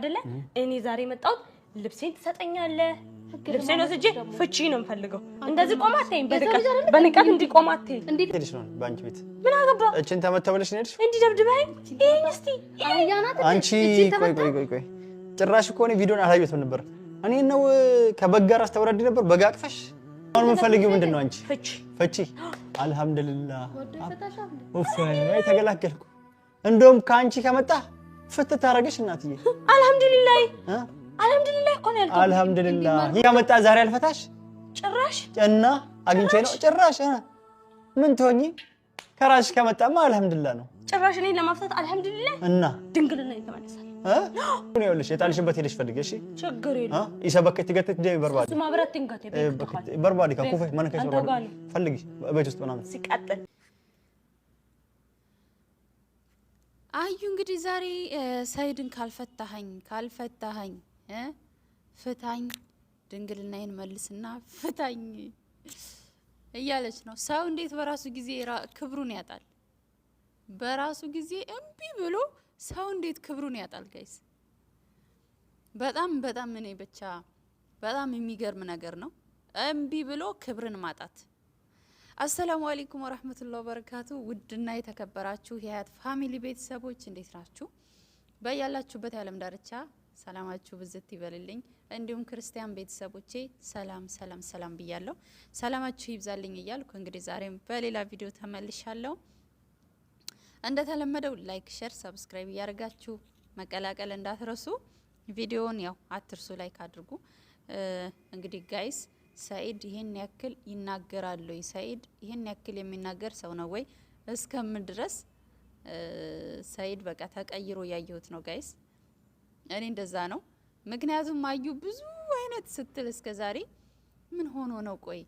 አይደለ? እኔ ዛሬ መጣሁት ልብሴን ትሰጠኛለህ። ልብሴን ወስጄ ፍቺ ነው የምፈልገው። እንደዚህ ቆማ አትይኝ፣ በንቀት እንዲቆማ አትይኝ። በአንቺ ቤት ምን አገባ? እችን ተመተው ብለሽ ነው የሄድሽ? እንዲህ ደብድበኸኝ። ይሄን እስኪ አንቺ ቆይ ቆይ ቆይ፣ ጭራሽ እኮ እኔ ቪዲዮን አላየሁትም ነበር። እኔ ነው ከበግ ጋር አስተወራድ ነበር። በግ አቅፈሽ አሁን የምንፈልጊው ምንድን ነው? አንቺ ፍቺ ፍቺ። አልሐምዱሊላህ ተገላገልኩ። እንደውም ከአንቺ ከመጣ ፍትት ታደርግሽ እናትዬ። አልሐምዱሊላህ አልሐምዱሊላህ እኮ ነው ያልኩት። አልሐምዱሊላህ ያመጣ ዛሬ አልፈታሽ ጭራሽ እና አግኝቼ ነው ጭራሽ ምን ትሆኚ ከራሽ ከመጣማ አልሐምዱሊላህ ነው። ጭራሽ እኔን ለማፍታት አልሐምዱሊላህ እና ድንግልና ይተመለሳል ይኸውልሽ የጣልሽበት ሄደሽ ፈልግ። እሺ ችግር የለም። ይሰበከች ትገተች ደይ በርባዴ በርባዴ ከኩፈሽ ማነከሽ በርባዴ ፈልጊ ውስጥ ምናምን ሲቀጥል አዩ እንግዲህ ዛሬ ሰይድን ካልፈታኸኝ ካልፈታኸኝ ፍታኝ ድንግልናዬን መልስና ፍታኝ እያለች ነው። ሰው እንዴት በራሱ ጊዜ ክብሩን ያጣል? በራሱ ጊዜ እምቢ ብሎ ሰው እንዴት ክብሩን ያጣል? ጋይስ በጣም በጣም እኔ ብቻ በጣም የሚገርም ነገር ነው። እምቢ ብሎ ክብርን ማጣት አሰላሙ አሌይኩም ወረህመቱላህ ወበረካቱ። ውድና የተከበራችሁ የሀያት ፋሚሊ ቤተሰቦች እንዴት ናችሁ? በያላችሁበት የዓለም ዳርቻ ሰላማችሁ ብዝት ይበልልኝ። እንዲሁም ክርስቲያን ቤተሰቦቼ ሰላም ሰላም ሰላም ብያለሁ። ሰላማችሁ ይብዛልኝ እያልኩ እንግዲህ ዛሬም በሌላ ቪዲዮ ተመልሻለሁ። እንደተለመደው ላይክ፣ ሸር፣ ሰብስክራይብ እያደርጋችሁ መቀላቀል እንዳትረሱ። ቪዲዮውን ያው አትርሱ፣ ላይክ አድርጉ። እንግዲህ ጋይስ ሰኢድ ይህን ያክል ይናገራል ወይ? ሰኢድ ይህን ያክል የሚናገር ሰው ነው ወይ? እስከምን ድረስ ሰኢድ በቃ ተቀይሮ ያየሁት ነው ጋይስ። እኔ እንደዛ ነው። ምክንያቱም አዩ ብዙ አይነት ስትል እስከ ዛሬ ምን ሆኖ ነው ቆይ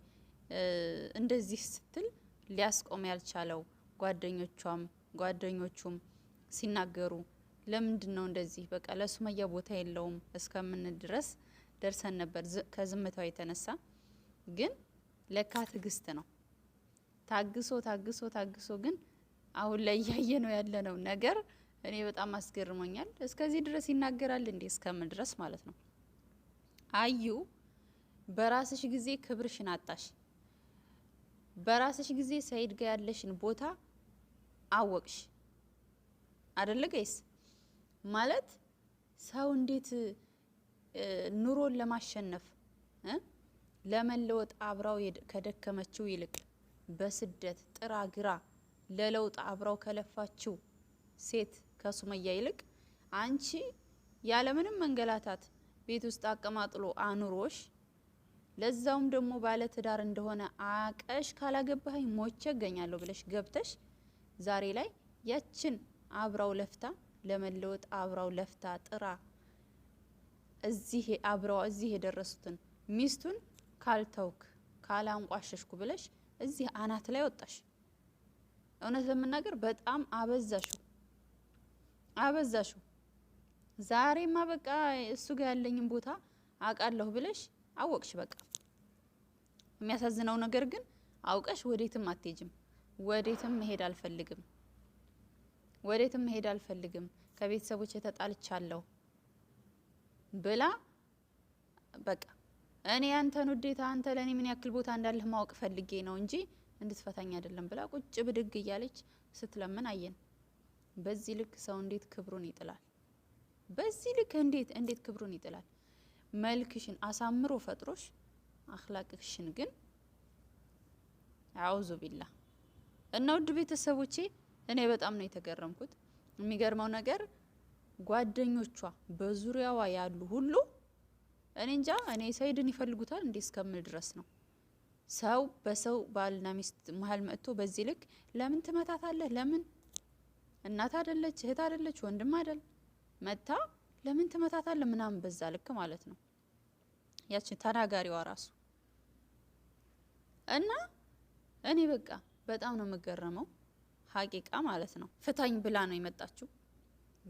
እንደዚህ ስትል ሊያስቆም ያልቻለው? ጓደኞቿም ጓደኞቹም ሲናገሩ ለምንድን ነው እንደዚህ በቃ ለሱመያ ቦታ የለውም እስከምን ድረስ ደርሰን ነበር ከዝምታው የተነሳ ግን ለካ ትዕግስት ነው። ታግሶ ታግሶ ታግሶ ግን አሁን ላይ እያየ ነው ያለነው ነገር እኔ በጣም አስገርሞኛል። እስከዚህ ድረስ ይናገራል እንዴ? እስከምን ድረስ ማለት ነው? አዩ በራስሽ ጊዜ ክብርሽን አጣሽ። በራስሽ ጊዜ ሰይድ ጋ ያለሽን ቦታ አወቅሽ አደለ ገይስ ማለት ሰው እንዴት ኑሮን ለማሸነፍ ለመለወጥ አብራው ከደከመችው ይልቅ በስደት ጥራ ግራ ለለውጥ አብራው ከለፋችው ሴት ከሱመያ ይልቅ አንቺ ያለምንም መንገላታት ቤት ውስጥ አቀማጥሎ አኑሮሽ ለዛውም ደግሞ ባለ ትዳር እንደሆነ አቀሽ ካላገባኸኝ ሞቼ እገኛለሁ ብለሽ ገብተሽ ዛሬ ላይ ያችን አብራው ለፍታ ለመለወጥ አብራው ለፍታ ጥራ እዚህ አብረዋ እዚህ የደረሱትን ሚስቱን ካልተውክ ካላንቋሸሽኩ ብለሽ እዚህ አናት ላይ ወጣሽ። እውነት ለመናገር በጣም አበዛሹ አበዛሹ። ዛሬማ በቃ እሱ ጋር ያለኝን ቦታ አውቃለሁ ብለሽ አወቅሽ። በቃ የሚያሳዝነው ነገር ግን አውቀሽ ወዴትም አትሄጅም። ወዴትም መሄድ አልፈልግም፣ ወዴትም መሄድ አልፈልግም፣ ከቤተሰቦች የተጣልቻለሁ ብላ በቃ እኔ ያንተን ውዴታ አንተ ለእኔ ምን ያክል ቦታ እንዳለህ ማወቅ ፈልጌ ነው እንጂ እንድትፈታኝ አይደለም ብላ ቁጭ ብድግ እያለች ስትለምን አየን። በዚህ ልክ ሰው እንዴት ክብሩን ይጥላል? በዚህ ልክ እንዴት እንዴት ክብሩን ይጥላል? መልክሽን አሳምሮ ፈጥሮሽ አክላቅሽን ግን አውዙ ቢላ እና ውድ ቤተሰቦቼ እኔ በጣም ነው የተገረምኩት። የሚገርመው ነገር ጓደኞቿ በዙሪያዋ ያሉ ሁሉ እኔ እንጃ እኔ ሰይድን ይፈልጉታል እንዴ እስከምል ድረስ ነው። ሰው በሰው ባልና ሚስት መሀል መጥቶ በዚህ ልክ ለምን ትመታታለህ? ለምን እናት አደለች እህት አደለች ወንድም አደል መታ ለምን ትመታታለህ? ምናምን በዛ ልክ ማለት ነው። ያችን ተናጋሪዋ ራሱ እና እኔ በቃ በጣም ነው የምገረመው። ሀቂቃ ማለት ነው ፍታኝ ብላ ነው የመጣችው።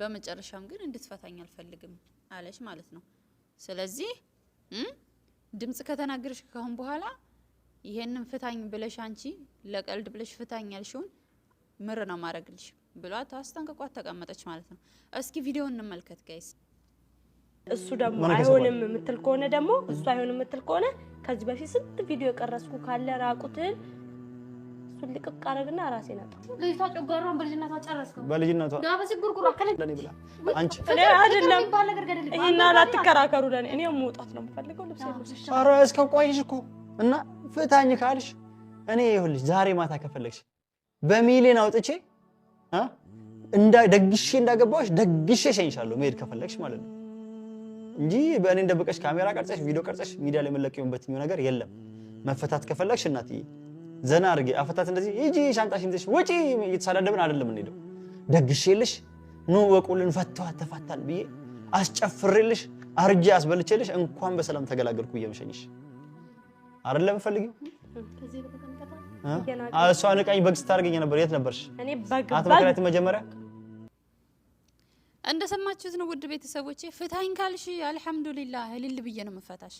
በመጨረሻም ግን እንድትፈታኝ አልፈልግም አለች ማለት ነው። ስለዚህ ድምጽ ከተናገርሽ ካሁን በኋላ ይሄንን ፍታኝ ብለሽ አንቺ ለቀልድ ብለሽ ፍታኝ ያልሽውን ምር ነው ማድረግልሽ ብሏት አስጠንቅቋት ተቀመጠች ማለት ነው። እስኪ ቪዲዮ እንመልከት ጋይስ። እሱ ደግሞ አይሆንም የምትል ከሆነ ደግሞ እሱ አይሆንም የምትል ከሆነ ከዚህ በፊት ስንት ቪዲዮ የቀረስኩ ካለ ራቁትን እሱን ልቅቅ አደረግና ራሴ ነጣ። ልጅቷ ጨጓሯን በልጅነቷ ጨረስከው። በልጅነቷ እኔ እና ካልሽ እኔ ይኸውልሽ፣ ዛሬ ማታ ከፈለግሽ በሚሊዮን አውጥቼ ደግሼ እንዳገባሁሽ ደግሼ እሸኝሻለሁ፣ መሄድ ከፈለግሽ ማለት ነው እንጂ በእኔ እንደበቀሽ ካሜራ ቀርጸሽ ቪዲዮ ቀርጸሽ ሚዲያ ላይ መለቀቂበት የሚሆን ነገር የለም። መፈታት ከፈለግሽ እናትዬ ዘና አድርጌ አፈታት እንደዚህ ሂጂ ሻንጣሽ ይዘሽ ውጪ እየተሳዳደብን አይደለም እንሄደው ደግሼልሽ ኑ ወቁልን ፈተዋት ተፋታን ብዬ አስጨፍሬልሽ አርጄ አስበልቼልሽ እንኳን በሰላም ተገላገልኩ እየመሸኝሽ አይደለም ፈልጊ እሷ ንቃኝ በግ ስታደርገኝ ነበር የት ነበርሽ አትመክሪያት መጀመሪያ እንደሰማችሁት ነው ውድ ቤተሰቦቼ ፍታኝ ካልሽ አልሐምዱሊላህ እልል ብዬ ነው የምፈታሽ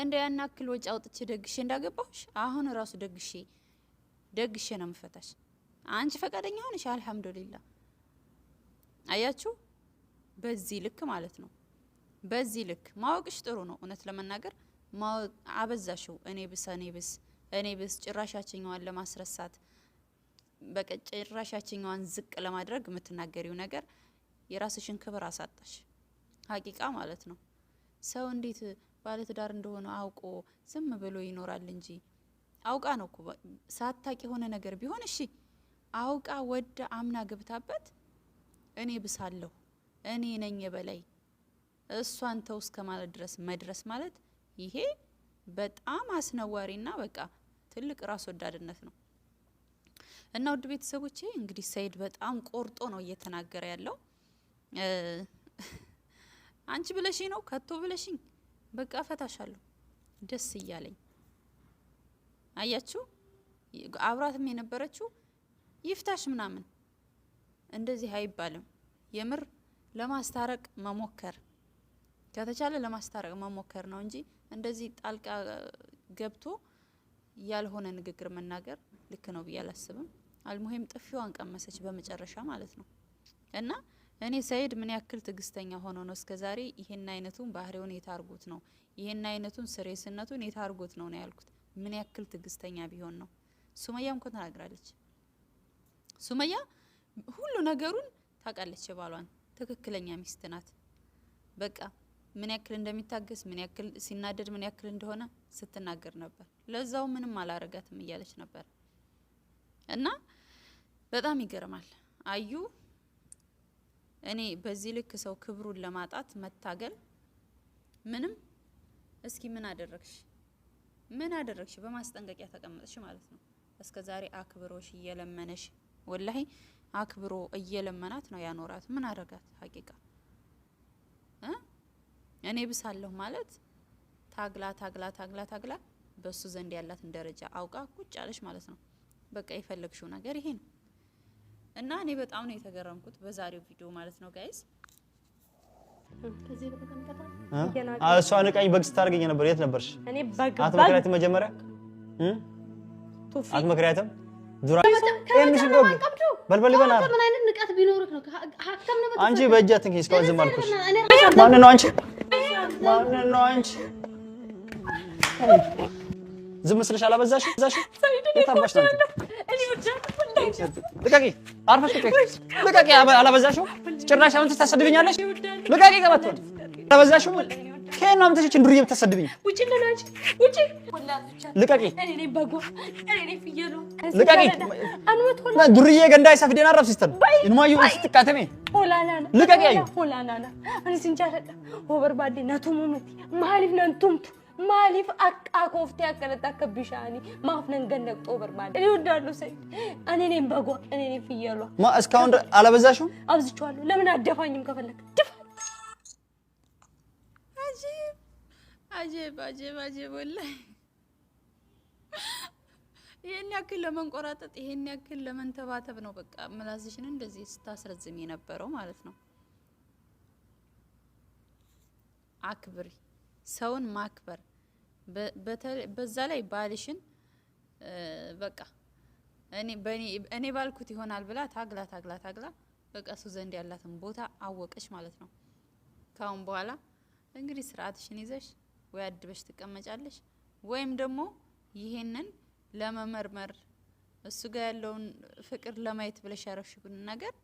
እንደ ያን አክል ወጪ አውጥቼ ደግሼ እንዳገባሁሽ አሁን ራሱ ደግሼ ደግሼ ነው የምፈታሽ። አንቺ ፈቃደኛ ሆነሽ አልሐምዱሊላ። አያችሁ፣ በዚህ ልክ ማለት ነው። በዚህ ልክ ማወቅሽ ጥሩ ነው። እውነት ለመናገር አበዛሽው። እኔ ብስ እኔ ብስ እኔ ብስ ጭራሻችኛዋን ለማስረሳት በቃ ጭራሻችኛዋን ዝቅ ለማድረግ የምትናገሪው ነገር የራስሽን ክብር አሳጣሽ። ሀቂቃ ማለት ነው ሰው እንዴት ባለትዳር እንደሆነ አውቆ ዝም ብሎ ይኖራል እንጂ አውቃ ነው እኮ ሳታቅ የሆነ ነገር ቢሆን እሺ፣ አውቃ ወደ አምና ገብታበት እኔ ብሳለሁ እኔ ነኝ በላይ እሷን ተው እስከ ማለት ድረስ መድረስ ማለት ይሄ በጣም አስነዋሪና በቃ ትልቅ ራስ ወዳድነት ነው። እና ውድ ቤተሰቦቼ እንግዲህ ሰይድ በጣም ቆርጦ ነው እየተናገረ ያለው። አንቺ ብለሽኝ ነው ከቶ ብለሽኝ በቃ እፈታሻለሁ ደስ እያለኝ። አያችሁ አብራትም የነበረችው ይፍታሽ ምናምን እንደዚህ አይባልም። የምር ለማስታረቅ መሞከር ከተቻለ ለማስታረቅ መሞከር ነው እንጂ እንደዚህ ጣልቃ ገብቶ ያልሆነ ንግግር መናገር ልክ ነው ብዬ አላስብም። አልሙሄም ጥፊዋን ቀመሰች በመጨረሻ ማለት ነው እና እኔ ሰይድ ምን ያክል ትዕግስተኛ ሆኖ ነው እስከዛሬ ይህን አይነቱን ባህሪውን የታርጉት ነው ይህን አይነቱን ስሬስነቱን የታርጉት ነው ነው ያልኩት። ምን ያክል ትዕግስተኛ ቢሆን ነው። ሱመያም እኮ ተናግራለች። ሱመያ ሁሉ ነገሩን ታውቃለች። የባሏን ትክክለኛ ሚስት ናት። በቃ ምን ያክል እንደሚታገስ ምን ያክል ሲናደድ ምን ያክል እንደሆነ ስትናገር ነበር። ለዛው ምንም አላረጋትም እያለች ነበር። እና በጣም ይገርማል አዩ እኔ በዚህ ልክ ሰው ክብሩን ለማጣት መታገል ምንም። እስኪ ምን አደረግሽ? ምን አደረግሽ? በማስጠንቀቂያ ተቀመጥሽ ማለት ነው። እስከ ዛሬ አክብሮሽ እየለመነሽ ወላሂ አክብሮ እየለመናት ነው ያኖራት። ምን አረጋት? ሀቂቃ እኔ ብሳለሁ ማለት ታግላ ታግላ ታግላ ታግላ በሱ ዘንድ ያላትን ደረጃ አውቃ ቁጭ አለሽ ማለት ነው። በቃ የፈለግሽው ነገር ይሄ ነው። እና እኔ በጣም ነው የተገረምኩት በዛሬው ቪዲዮ ማለት ነው ጋይስ። እሷ ንቃኝ በግ ስታደርገኝ ነበር። የት ነበርሽ? አትመክሪያትም? መጀመሪያ አትመክሪያትም? አንቺ በእጅ አትንኪ። እስካሁን ዝም አልኩሽ። ማን ነው አንቺ? ማን ነው አንቺ? ዝም ስልሽ አላበዛሽ? የታባሽ ነው ልቀቂ፣ አርፈሽ ልቀቂ፣ ልቀቂ። አላበዛሽው። ጭራሽ አሁን ታሰድብኛለሽ። ልቀቂ፣ ቀበቷል። አላበዛሽው። ከየት ነው አምጥተሽ እንዱርዬ የምታሰድብኝ? ልቀቂ፣ ዱርዬ ገንዳ ይሰፍደና ረብ ሲስተር እንማዩ ስትቃተሜ ልቀቂ። አዩ ማሊፍ አቃ kooftee akkanatti akka bishaanii maafnan ganna እኔ እወዳለሁ ሰይድ፣ እኔ ነኝ በጓ፣ እኔ ነኝ ፍየሏ። ማ እስካሁን አላበዛሽም? አብዝቼዋለሁ። ለምን አደፋኝም? ከፈለክ ድፋ። አጀብ አጀብ አጀብ አጀብ! ወላሂ ይሄን ያክል ለመንቆራጠጥ ይሄን ያክል ለመንተባተብ ነው። በቃ ምላስሽን እንደዚህ ስታስረዝም የነበረው ማለት ነው። አክብሪ ሰውን ማክበር በዛ ላይ ባልሽን በቃ እኔ ባልኩት ይሆናል ብላ ታግላ ታግላ ታግላ በቃ እሱ ዘንድ ያላትን ቦታ አወቀች ማለት ነው። ካሁን በኋላ እንግዲህ ስርዓትሽን ይዘሽ ወይ አድበሽ ትቀመጫለሽ ወይም ደግሞ ይሄንን ለመመርመር እሱ ጋር ያለውን ፍቅር ለማየት ብለሽ ያረፍሽብን ነገር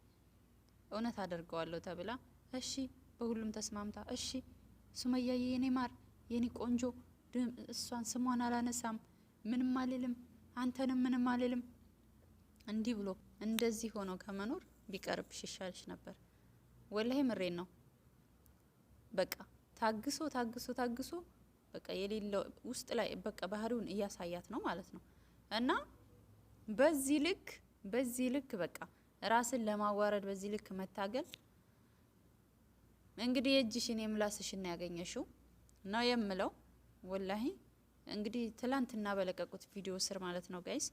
እውነት አደርገዋለሁ ተብላ እሺ፣ በሁሉም ተስማምታ እሺ፣ ሱመያ የኔ ማር የኔ ቆንጆ እሷን ስሟን አላነሳም፣ ምንም አልልም፣ አንተንም ምንም አልልም። እንዲህ ብሎ እንደዚህ ሆኖ ከመኖር ቢቀርብሽ ይሻልሽ ነበር። ወላሂ ምሬን ነው። በቃ ታግሶ ታግሶ ታግሶ በቃ የሌለው ውስጥ ላይ በቃ ባህሪውን እያሳያት ነው ማለት ነው። እና በዚህ ልክ በዚህ ልክ በቃ ራስን ለማዋረድ በዚህ ልክ መታገል እንግዲህ የእጅሽን የምላስሽን ያገኘሽው ነው የምለው። ወላሂ እንግዲህ ትላንትና በለቀቁት ቪዲዮ ስር ማለት ነው ጋይስ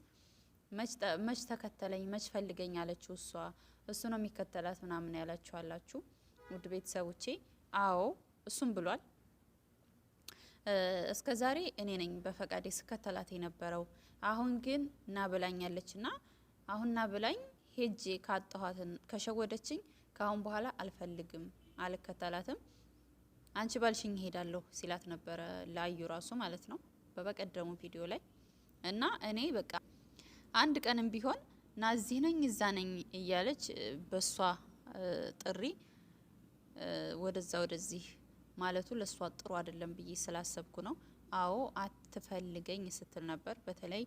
መች ተከተለኝ መች ፈልገኝ አለችው እሷ እሱ ነው የሚከተላት ምናምን ያላችሁ አላችሁ ውድ ቤተሰቦቼ አዎ እሱም ብሏል እስከ ዛሬ እኔ ነኝ በፈቃዴ ስከተላት የነበረው አሁን ግን ና ያለች ና አሁን ና ብላኝ ሄጄ ካጠኋትን ከሸወደችኝ ከአሁን በኋላ አልፈልግም አልከተላትም አንቺ ባልሽኝ ሄዳለሁ ሲላት ነበረ ላዩ ራሱ ማለት ነው በበቀደሙ ቪዲዮ ላይ እና እኔ በቃ አንድ ቀንም ቢሆን ና እዚህ ነኝ እዛ ነኝ እያለች በሷ ጥሪ ወደዛ ወደዚህ ማለቱ ለሷ ጥሩ አይደለም ብዬ ስላሰብኩ ነው። አዎ አትፈልገኝ ስትል ነበር። በተለይ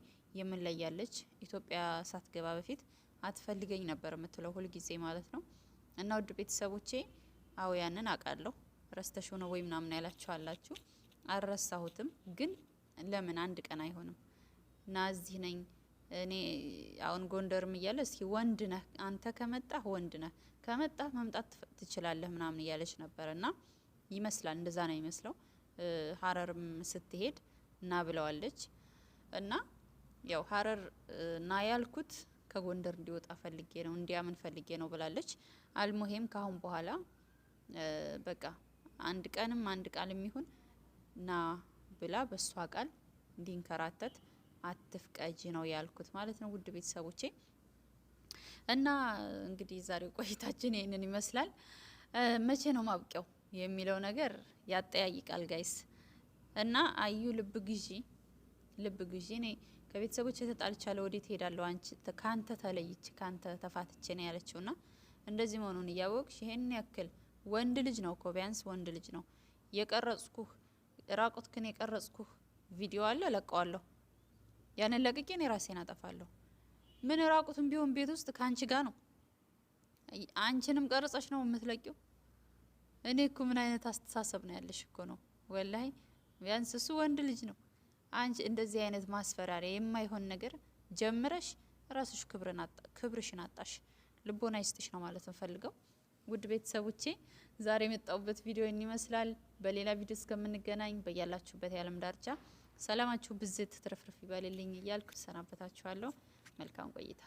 ያለች ኢትዮጵያ ሳትገባ በፊት አትፈልገኝ ነበር የምትለው ሁልጊዜ ማለት ነው። እና ውድ ቤተሰቦቼ አዎ ያንን አውቃለሁ። ረስተሽ ነው ወይ ምናምን ያላችሁ አላችሁ። አልረሳሁትም፣ ግን ለምን አንድ ቀን አይሆንም እና እዚህ ነኝ እኔ አሁን ጎንደርም እያለ እስኪ ወንድ ነህ አንተ ከመጣህ ወንድ ነህ ከመጣህ መምጣት ትችላለህ ምናምን እያለች ነበር። እና ይመስላል እንደዛ ነው ይመስለው። ሀረርም ስትሄድ ና ብለዋለች። እና ያው ሀረር ና ያልኩት ከጎንደር እንዲወጣ ፈልጌ ነው እንዲያምን ፈልጌ ነው ብላለች። አልሙሄም ካሁን በኋላ በቃ አንድ ቀንም አንድ ቃል የሚሆን ና ብላ በእሷ ቃል እንዲንከራተት አትፍቀጅ ነው ያልኩት ማለት ነው። ውድ ቤተሰቦቼ እና እንግዲህ ዛሬው ቆይታችን ይህንን ይመስላል። መቼ ነው ማብቂያው የሚለው ነገር ያጠያይቃል ጋይስ። እና አዩ ልብ ግዢ ልብ ግዢ እኔ ከቤተሰቦች የተጣልቻለ ወዴት ሄዳለሁ? አንቺ ከአንተ ተለይች ከአንተ ተፋትቼ ነው ያለችው ና እንደዚህ መሆኑን እያወቅሽ ይሄን ያክል ወንድ ልጅ ነው እኮ ቢያንስ ወንድ ልጅ ነው የቀረጽኩህ። ክን የቀረጽኩህ ቪዲዮ አለ ለቀዋለሁ። ያንን ለቅቄ እኔ ራሴን አጠፋለሁ። ምን ራቁትም ቢሆን ቤት ውስጥ ከአንቺ ጋር ነው። አንቺንም ቀርጸሽ ነው የምትለቂው። እኔ እኮ ምን አይነት አስተሳሰብ ነው ያለሽ? እኮ ነው ወላይ። ቢያንስ እሱ ወንድ ልጅ ነው። አንቺ እንደዚህ አይነት ማስፈራሪያ የማይሆን ነገር ጀምረሽ ራስሽ ክብርሽን አጣሽ። ልቦና ይስጥሽ ነው ማለት እንፈልገው። ውድ ቤተሰቦቼ ዛሬ የመጣሁበት ቪዲዮ ይመስላል። በሌላ ቪዲዮ እስከምንገናኝ በያላችሁበት የዓለም ዳርቻ ሰላማችሁ ብዝት ትርፍርፍ ይበልልኝ እያልኩ ሰናበታችኋለሁ። መልካም ቆይታ